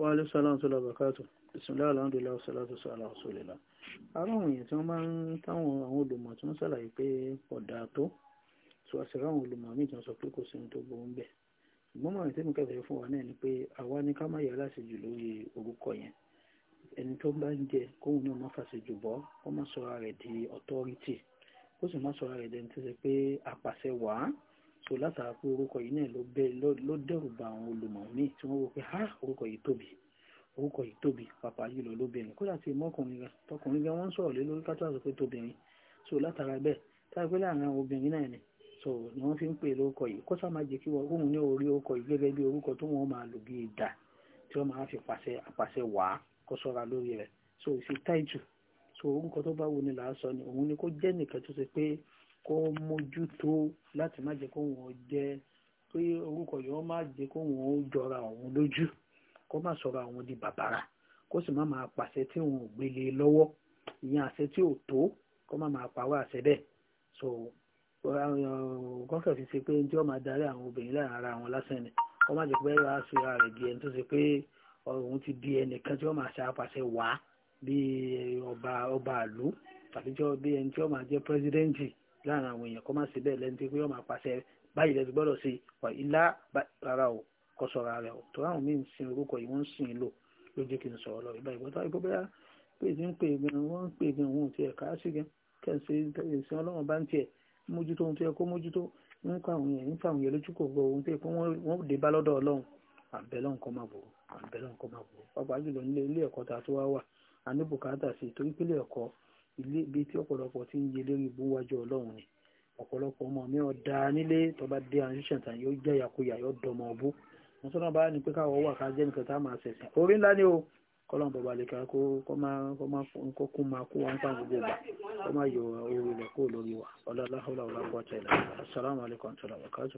wàhálà sálàm tó lọ́bàkátù ìsìnlẹ̀ alhamdulillah salatu sàlá ọ̀sọ̀lẹ̀lá àwọn èèyàn tí wọ́n máa ń táwọn àwọn olùmọ̀ tí wọ́n sàlàyé pé ọ̀dà tó tó a sì ráwọn olùmọ̀ míì tí wọ́n sọ pé kò sí ohun tó gbóhùn bẹ̀ ṣùgbọ́n mọ̀ tí mo kẹfẹ́ fún wa náà ni pé àwa ni ká má yà láti jù lórí orúkọ yẹn ẹni tó bá ń jẹ kóun náà má fàṣẹ jù bọ́ kó má sọ ara rẹ̀ di authority kó sì má sọ ara rẹ̀ dẹni tó ṣe pé àpàṣẹ tó látara pé orúkọ yìí náà ló bẹ ló dẹrù ba àwọn olùmọ̀ míì tí wọ́n wò pé ha orúkọ yìí tóbi orúkọ yìí tóbi pàpà yìí lọ lóbìnrin kódà tí mọ́kùnrin rẹ̀ tọkùnrin rẹ̀ wọ́n ń sọ̀rọ̀ lé lórí ká tó àṣọ pé tóbìnrin so látara bẹ́ẹ̀ táyà pé láàrin àwọn obìnrin náà ni so ni wọ́n fi ń pè lórúkọ yìí kó sáà má jẹ́ kí wọ́n òun ní orí orúkọ yìí gẹ́gẹ́ bí orúkọ tó wọ́n máa lò ìdà tí wọ́n máa fi pàṣẹ àpàṣẹ wàá kó sọ́ra lórí rẹ̀ so ìfi táìtù so orúkọ tó bá wo ni là á sọ ni òun ni kó jẹ́ nìkan tó ṣe pé kó mójútó láti má jẹ́ kó wọ́n jẹ́ pé orúkọ yìí má jẹ́ kó wọ́n jọra òun lójú kó má sọ̀rọ̀ àwọn di bàbàrà kó sì má máa pàṣẹ tí òun ò gbélé e lọ́wọ́ ìyẹn àṣẹ tí ò tó kó má máa pàwọ́ àṣẹ bẹ́ẹ̀ so gọ́fẹ̀ uh, fi ṣe pé tí wọ́n máa darí àwọn obìnrin láàrin ara wọn lásán ni wọ́n má jẹ́ pé wọ́n á sọ ara rẹ̀ di ẹni tó ṣe pé òun ti di ẹnìkan tí wọ́n máa ṣe apàṣẹ wá bí ọba ọba tàbí tí wọ́n máa jẹ́ pírẹ́sidẹ́ǹtì láàrin àwọn èèyàn kọ́ máa ṣe bẹ́ẹ̀ lẹ́nu tí pé wọ́n máa pàṣẹ báyìí lẹ́nu gbọ́dọ̀ sí wà ilá rárá o kọ́ sọ̀rọ̀ rẹ̀ o tó ráhùn mí ń sin orúkọ yìí wọ́n ń sìn lò lójú kí n sọ̀rọ̀ lọ ìlọ ìgbọ́tọ̀ ìgbó bẹ́ẹ̀ pé ti ń pè gan wọ́n ń pè gan òun ti ẹ̀ka sí gan kẹ́sì ìsìn ọlọ́run bá ń tiẹ̀ mójútó ohun tó yẹ kó mójútó ń kọ àwọn yẹn ń fa àwọn yẹn lójú kò ohun tó yẹ kó wọ́n dé bá lọ́dọ̀ ọlọ́run àbẹ̀lọ́n kọ́ máa bò àbẹ̀lọ́n kọ́ máa bò pàápàá jùlọ nílé ilé ẹ̀kọ́ ta tó wá wà a ní bùkátà sí torí pé ilé ẹ̀kọ́ ilé ibi tí ọ̀pọ̀lọpọ̀ ti ń yẹ lórí ìbúwájú ọlọ́run ni ọ̀pọ̀lọpọ̀ ọmọ mi ọ̀dà nílé tọba dé àṣìṣàn tán yóò jẹ́ yakuya yóò dọmọ ọbú wọn sọ́nà bá ní pé káwọ́ wà ká jẹ́ nìkan tá a máa ṣẹ̀ṣẹ̀ orí ńlá ni o kọ́lọ́n bọ̀bá lè ká kó máa kó wọn pa gbogbo ìgbà kó máa yọ orí rẹ̀ kó lórí wa ọlọ́láhùlà ọlọ́gbọ́tẹ̀lá assalamu alaikum warahmatullahi wabarakatuh